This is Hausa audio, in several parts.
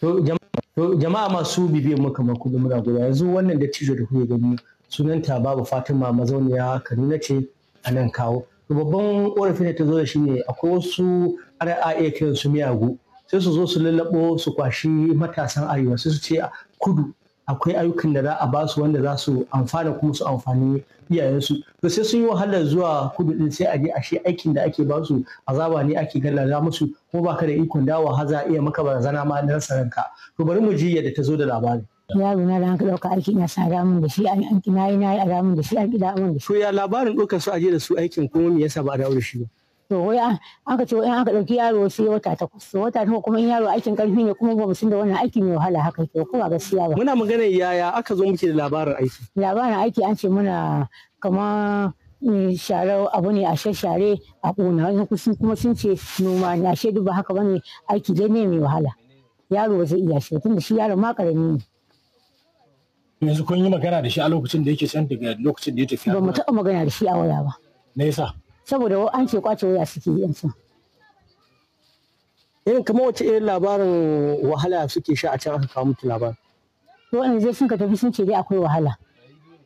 To jama'a masu bibiyar muka ma kullum muna guda yanzu wannan da cizo da kuke gani ta babu Fatima mazauniya Kaduna ce a nan kawo. Babban korafin da ta zo da shi ne akwai wasu RIA kiran su miyagu sai su zo su lallabo su kwashi matasan arewa sai su ce kudu akwai ayyukan da za a ba su wanda za su amfana kuma su amfani iyayensu to sai sun yi wahalar zuwa kudu din sai a je a shi aikin da ake ba su azaba ne ake gallaza musu kuma ka da ikon dawo har za iya maka barazana ma na rasa ranka to bari mu ji yadda ta zo da labarin yaro na da hanka ɗauka aiki na sa ramin da shi an yi na yi a ramin da shi an gida amin da shi. To ya labarin ɗaukar su aje da su aikin kuma me yasa ba a dawo da shi ba? to wai aka ce wai aka ɗauki yaro sai wata takwas to wata takwas kuma in yaro aikin ƙarfi ne kuma ba mu san da wannan aiki mai wahala haka ke ko ba gaskiya ba muna magana yaya aka zo muke da labarin aiki labarin aiki an ce muna kama eh, share abu ne a share a ƙona wani kuma sun ce noma ne ashe duk ba haka bane aiki dai ne mai wahala yaro ba zai iya shi tunda shi yaro ma ƙarami ne yanzu kun yi magana da shi a lokacin da yake san daga lokacin da ya tafi ba mu taɓa magana da shi a waya ba me yasa saboda an ce kwace waya suke yan su. irin eh, kamar wace irin labarin wahala suke sha a can aka kawo mutu labarin wani zai sun ka tafi sun ce dai akwai wahala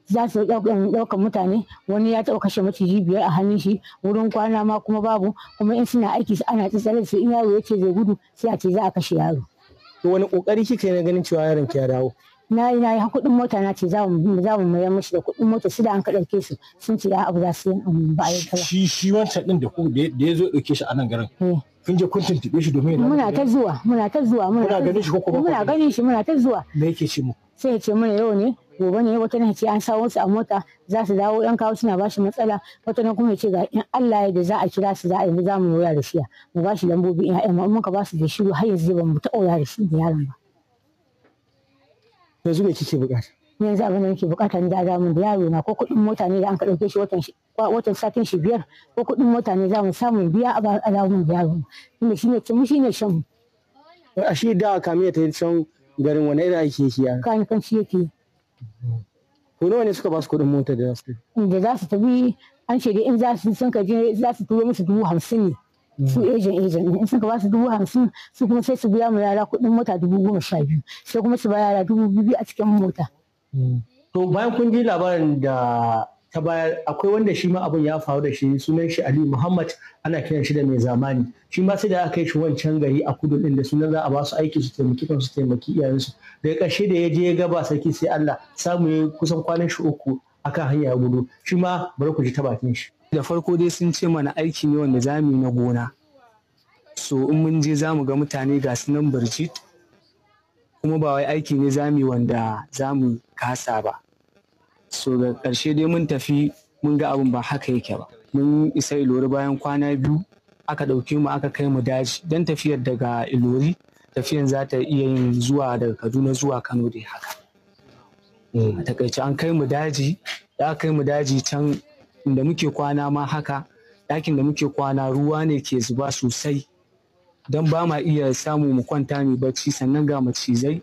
za su ɗaukan mutane wani ya taɓa kashe maciji biyar a hannun shi wurin kwana ma kuma babu kuma in suna aiki ana tsitsare su in yaro ya ce zai gudu sai a ce za a kashe yaro. wani ƙoƙari kika yi na ganin cewa yaron ki ya dawo. na yi na yi kuɗin mota na ce za mu mayar mashi da kuɗin mota su da an ka ɗauke su sun ce abu za su yi um, ba a yi Shi shi wancan ɗin da ya zo ɗauke shi a nan garin. Eh. Kun je kun tuntuɓe shi domin yana. Muna ta zuwa muna ta zuwa. Muna ganin shi ko kuma. Muna ganin shi muna ta zuwa. Me yake ce mu? Sai ya ce mana yau ne gobe ne wata na ce an sawo su a mota za su dawo yan kawo suna bashi matsala wata na kuma ya ce ga in Allah ya da za a kira su za a yi za mu wura da shi mu bashi lambobi in ya'yan mu ka ba su da shi har yanzu ba mu taɓa wura da shi da yaron ba. yanzu me kike bukata yanzu abin da nake bukata ni da za mun yaro na ko kudin mota ne da an ka ɗauke shi watan watan satin shi biyar ko kudin mota ne za mu samu biya a ba za mu yaro inda shine shi shine shan a shi da kamiya ta can garin wani irin aiki yake ya kan kan shi yake ko nawa ne suka ba su kudin mota da za su da za su tafi an ce in za su sun ka je za su turo musu dubu hamsin ne su ejen mm. ejen in suka ba su dubu hamsin su kuma sai su biya mu yara kuɗin mota dubu goma sha biyu sai kuma su ba yara dubu biyu a cikin mota. Mm. to bayan kun ji labarin da ta bayar akwai wanda shi ma abin ya faru da shi sunan shi Aliyu Muhammad ana kiran shi da mai zamani shi ma sai da aka yi shi wancan gari a kudu din da sunan za a ba su aiki su taimaki kan su taimaki iyayensu ya kashe da ya je ya gaba sarki sai Allah samu ya kusan kwanan shi uku akan hanya gudu shi ma bari ku ji ta bakin shi da farko dai sun ce mana aiki ne wanda za mu yi na gona so in mun je za mu ga mutane ga su nan barci kuma ba wai aiki ne za mu yi wanda za mu kasa ba so ga ƙarshe dai mun tafi mun ga abin ba haka yake ba mun isa ilori bayan kwana biyu aka ɗauke mu aka kai mu daji don tafiyar daga ilori tafiyan za ta iya yin zuwa daga kaduna zuwa kano dai haka a takaice an kai mu daji da aka kai mu daji can ɗakin da muke kwana ma haka ɗakin da muke kwana ruwa ne ke zuba sosai don ba ma iya samu mu kwanta mai bacci sannan ga macizai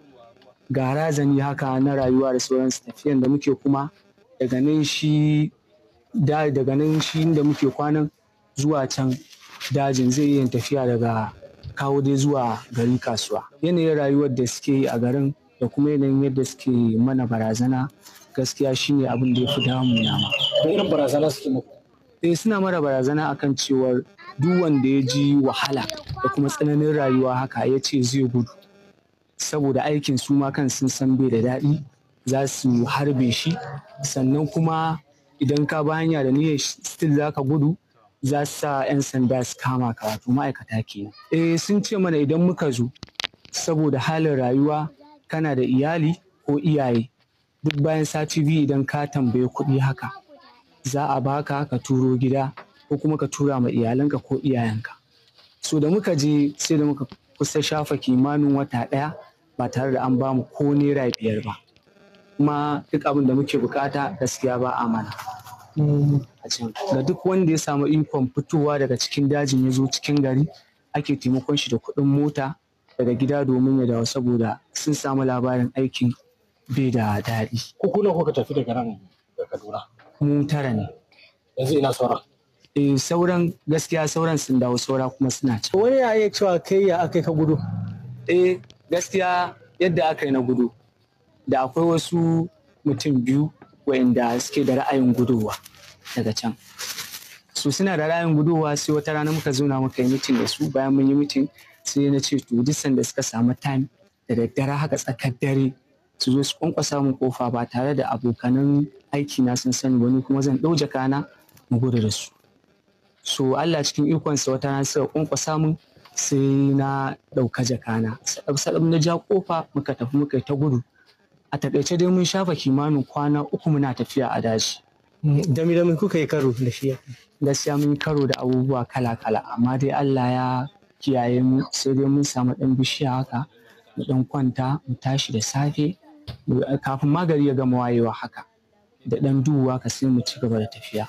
ga razani haka na rayuwa da sauransu tafiyan da muke kuma daga nan shi da muke kwanan zuwa can dajin zai yi tafiya daga kawo dai zuwa gari kasuwa yanayin rayuwar da suke yi a garin da kuma yanayin yadda suke mana barazana gaskiya shine abin da ya fi damu na da irin barazana suke muku eh suna mara barazana akan cewa duk wanda ya ji wahala da kuma tsananin rayuwa haka ya ce zai gudu saboda aikin su ma kan sun san bai da daɗi za su harbe shi sannan kuma idan ka ba hanya da niyyar still za ka gudu za su sa 'yan sanda su kama ka wato ma'aikata kenan eh sun ce mana idan muka zo saboda halin rayuwa kana da iyali ko iyaye duk bayan sati biyu idan ka tambayi kuɗi haka za a baka ka turo gida ko kuma ka tura ma iyalanka ko iyayenka so da muka je sai da muka kusa shafa kimanin wata ɗaya ba tare da an bamu ko naira biyar ba kuma duk abin da muke bukata gaskiya ba a mana mm. ga duk wanda ya samu ikon fitowa daga cikin dajin ya zo cikin gari ake taimakon shi da kuɗin mota daga gida domin ya dawo saboda sun samu labarin aikin bai da daɗi. Ko kuna kuka tafi daga nan da Kaduna? mu tara ne yanzu ina saura. eh sauran gaskiya sauran sun dawo saura kuma suna can wani ya iya cewa kai ya aka ka gudu eh gaskiya yadda aka yi na gudu da akwai wasu mutum biyu wa'inda suke da ra'ayin gudowa daga can su suna da ra'ayin gudowa sai wata rana muka zauna muka yi mitin da su bayan mun yi mitin sai na ce to duk sanda suka samu time da daddare haka tsakar dare su zo su kwankwasa mu kofa ba tare da abokanan aiki na sun sani wani kuma zan ɗau jakana mu gudu da su so Allah cikin ikonsa wata na suka kwankwasa mu sai na ɗauka jakana sadab na ja kofa muka tafi muka ta gudu a takaice dai mun shafa kimanin kwana uku muna tafiya a daji dami dami kuka yi karo da shi gaskiya mun karo da abubuwa kala kala amma dai Allah ya kiyaye mu sai dai mun samu ɗan bishiya haka mu ɗan kwanta mu tashi da safe kafin magari ya gama wayewa haka da ɗan duwa ka sai mu ci gaba da tafiya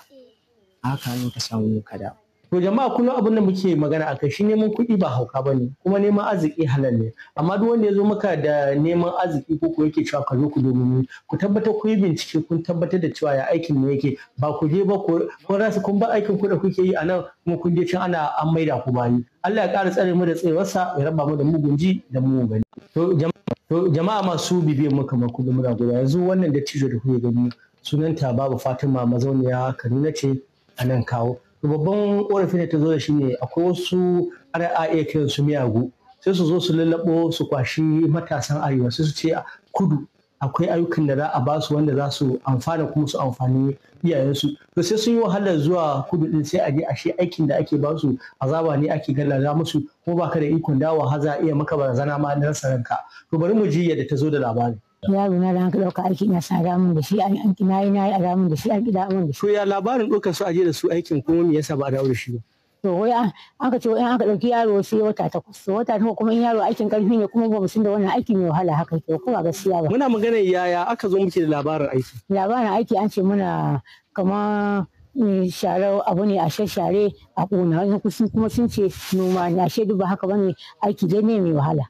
haka ne ka samu ka dawo to jama'a kullum abin da muke magana a kai shi neman kuɗi ba hauka ba ne kuma neman arziki halal ne amma duk wanda ya zo maka da neman arziki ko ko yake cewa ka zo ku domin ni ku tabbatar ku yi bincike kun tabbatar da cewa ya aikin ne yake ba ku je ba ku rasa kun ba aikin ku da kuke yi anan nan kuma kun je can ana an da ku ni Allah ya ƙara tsare mu da tsayewarsa ya raba mu da mugun ji da mugun gani to jama'a masu bibiyar mu kamar kullum muna guda yanzu wannan da tijo da kuke gani sunanta babu Fatima mazauniya Kaduna ce a nan kawo babban ƙorafin da ta zo da shi ne akwai wasu ana iya kiran su miyagu sai su zo su lallaɓo su kwashi matasan arewa sai su ce kudu akwai ayyukan da za a basu wanda za su amfana kuma su amfani iyayensu to sai sun yi wahalar zuwa kudu din sai a je ashe aikin da ake basu azaba ne ake gallaza musu kuma baka da ikon dawa haza iya maka barazana ma na rasa ranka to bari mu ji yadda ta zo da labarin yaro na da hanka ɗauka aiki na san ramun da shi an kina yi na yi a da shi an kida mun da shi. to ya labarin ɗaukar su aje da su aikin kuma me yasa ba a dawo da shi ba. to wai an ka ce in an ka ɗauki yaro sai wata takwas wata takwas kuma in yaro aikin ƙarfi ne kuma ba mu da wannan aiki mai wahala haka ke kuma gaskiya ba. muna magana yaya aka zo muke da labarin aiki. labarin aiki an ce muna kamar eh, share abu ne a share a ƙona wani kuma sun ce noma ne ashe duk ba haka bane aiki dai ne mai wahala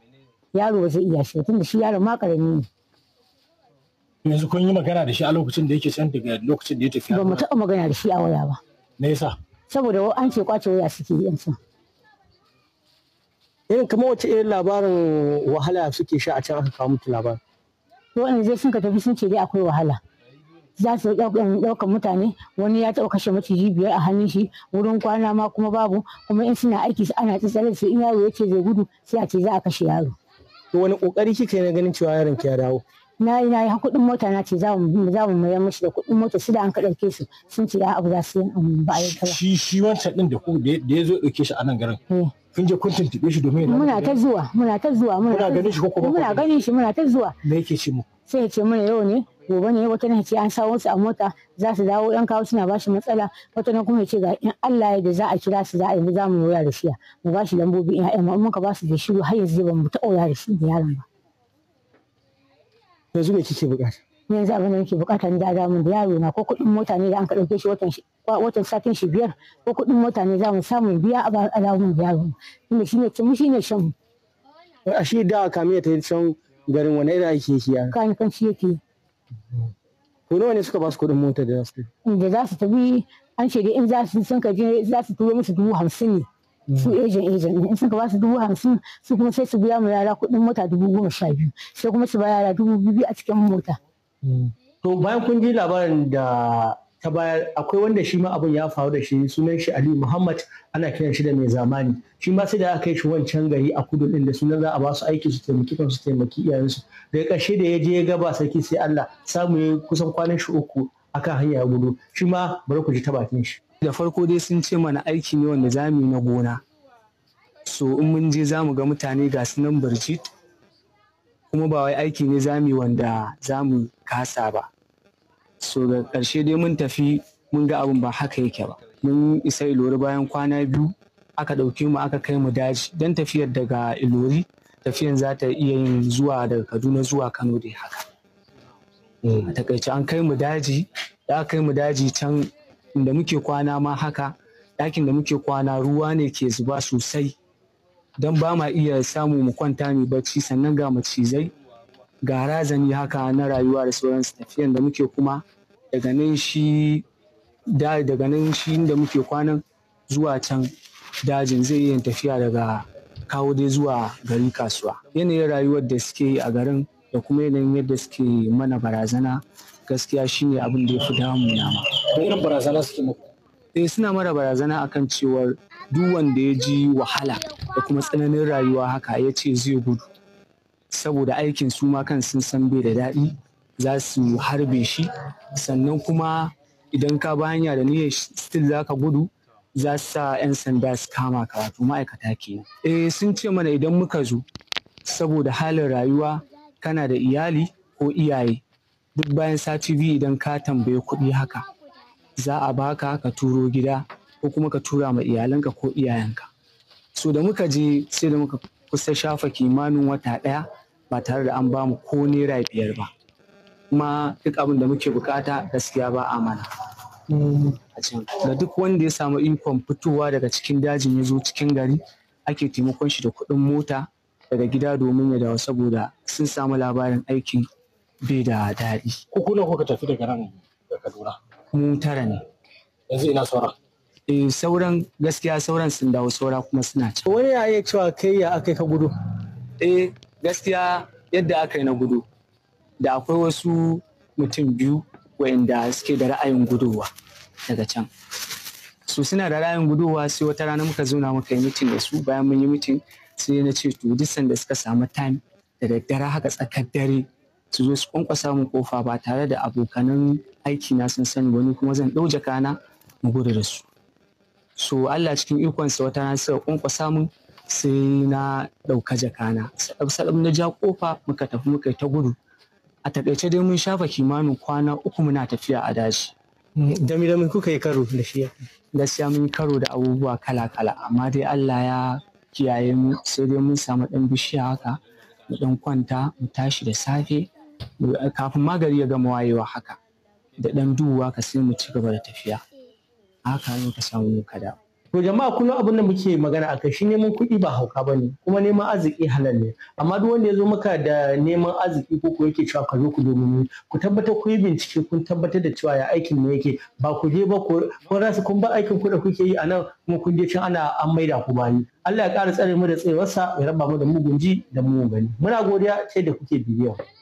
yaro ba zai iya shi da shi yaro ma karami ne. yanzu kun yi magana da shi a lokacin da yake can daga lokacin da ya tafi ba mu taɓa magana da shi a waya ba me yasa saboda an ce kwace waya suke yi yanzu irin eh, kamar wace irin labarin wahala suke sha a can aka kawo mutu labarin wani zai sun ka tafi sun ce dai akwai wahala za su ɗaukar mutane wani ya taɓa kashe maciji biyar a hannun shi wurin kwana ma kuma babu kuma in suna aiki ana tsitsare su in yaro ya ce zai gudu sai a ce za a kashe yaro. wani ƙoƙari kika yi na ganin cewa yaron ki ya dawo. na yi na yi kuɗin mota na ce za mu mayar mashi da kuɗin mota su da an ka ɗauke su sun ce ya abu za su yi um, a yi ba. Shi shi wancan ɗin da ya zo ɗauke shi a nan garin. Eh. Kun je kun tuntuɓe shi domin yana. Muna ta zuwa muna ta zuwa muna ganin shi ko kuma muna ganin shi muna ta zuwa. Me yake ce mu? Sai ya ce mana yau ne gobe ne wata na ce an sawo su a mota za su dawo yan kawo suna bashi matsala wata na kuma ya ce ga in Allah ya da za a kira su za a yi za mu wura da shi mu shi lambobi in ya'yan mu ka ba su da shi har yanzu ba mu ta wura da shi da yaron ba. yanzu me kike bukata yanzu abin da nake bukata ni da mun da yaro na ko kuɗin mota ne da an ka ɗauke shi watan watan satin shi biyar ko kuɗin mota ne za mu samu biya a ba alamun da yaro tunda shine cin ne shan eh, shi da kamiya ta can garin wani irin aiki yake ya kan kan shi yake ko nawa ne suka ba su kuɗin mota da za su da za su tafi an ce in za su sun ka je za su turo musu dubu hamsin ne su ejen mm. ejen in suka ba su dubu hamsin su kuma sai su biya mu yara kuɗin mota dubu goma sha biyu sai kuma su ba yara dubu biyu a cikin mota. Mm. to bayan kun ji labarin da ta bayar akwai wanda shi ma abin ya faru da shi sunan shi Aliyu Muhammad ana kiran shi da mai zamani shi ma sai da aka yi shi wancan gari a kudu din da sunan za a basu su aiki su taimaki iyayen su taimaki iyayensu daga da ya je ya gaba sarki sai Allah samu ya kusan kwanan shi uku akan hanya gudu shi ma bari ku ji ta bakin shi da farko dai sun ce mana aiki ne wanda zamu yi na gona so in mun je zamu ga mutane ga su nan barci kuma ba wai aiki ne zamu yi wanda zamu kasa ba so da ƙarshe dai mun tafi mun ga abin ba haka yake ba mun isa ilori bayan kwana biyu aka ɗauke mu aka kai mu daji don tafiyar daga ilori tafiyan za ta iya yin zuwa daga kaduna zuwa kano dai haka a takaice an kai mu daji da aka kai mu daji can da muke kwana ma haka ɗakin da muke kwana ruwa ne ke zuba sosai don ba ma iya samu mu kwanta mu bacci sannan ga macizai ga razani haka na rayuwa da sauransu tafiyan da muke kuma daga nan shi da muke kwanan zuwa can dajin zai iya tafiya daga kawo dai zuwa gari kasuwa yanayin rayuwar da suke yi a garin da kuma yanayin yadda suke mana barazana gaskiya shine abin da ya fi damu nama. irin barazana suke muku eh suna mara barazana akan cewa duk wanda ya ji wahala da kuma tsananin rayuwa haka ya ce zai gudu saboda aikin su ma kan sun san bai da daɗi za su harbe shi sannan kuma idan ka ba hanya da niyyar still za ka gudu za su sa 'yan sanda su kama ka wato ma'aikata ke. eh sun ce mana idan muka zo saboda halin rayuwa kana da iyali ko iyaye duk bayan sati biyu idan ka tambayi kuɗi haka za a baka ka turo gida ko kuma ka tura ma iyalanka ko iyayenka so da muka je sai da muka kusa shafa kimanin wata ɗaya ba tare da an ba mu ko naira biyar ba kuma duk abin da muke bukata gaskiya ba a mana ga duk wanda ya samu ikon fitowa daga cikin dajin ya zo cikin gari ake taimakon shi da kuɗin mota daga gida domin ya dawo saboda sun samu labarin aikin bai da daɗi. Ko kuna kuka tafi daga nan da Kaduna? mu tara ne yanzu ina saura. eh sauran gaskiya sauran sun dawo saura kuma suna ci wani ya iya cewa kai ya aka ka gudu eh gaskiya yadda aka yi na gudu da akwai wasu mutum biyu wa'inda suke da ra'ayin gudowa daga can su suna da ra'ayin gudowa sai wata rana muka zauna muka yi mitin da su bayan mun yi mitin sai na ce to duk sanda suka samu time da daddare haka tsakar dare su zo su kwankwasa mu kofa ba tare da abokanan aiki na sun sani wani kuma zan ɗau jakana mu gudu da su so Allah cikin ikonsa wata na suka kwankwasa mu sai na ɗauka jakana sadab na ja kofa muka tafi muka ta gudu a takaice dai mun shafa kimanin kwana uku muna tafiya a daji dami dami kuka yi karo da shi gaskiya mun yi karo da abubuwa kala kala amma dai Allah ya kiyaye mu sai dai mun samu ɗan bishiya haka mu ɗan kwanta mu tashi da safe kafin magari ya gama wayewa haka da ɗan duwa ka sai mu ci gaba da tafiya haka ne ka samu ka da to jama'a kullum abin da muke magana akai shi neman kuɗi ba hauka ba ne kuma neman arziki halal ne amma duk wanda ya zo maka da neman arziki ko ko yake cewa ka zo ku domin ku tabbatar ku yi bincike kun tabbatar da cewa ya aikin ne yake ba ku je ba ku kun rasa kun ba aikin ku da kuke yi a nan kuma kun je can ana an maida ku bani Allah ya ƙara tsare mu da tsayewarsa ya raba mu da mugunji da mu gani muna godiya ce da kuke bibiya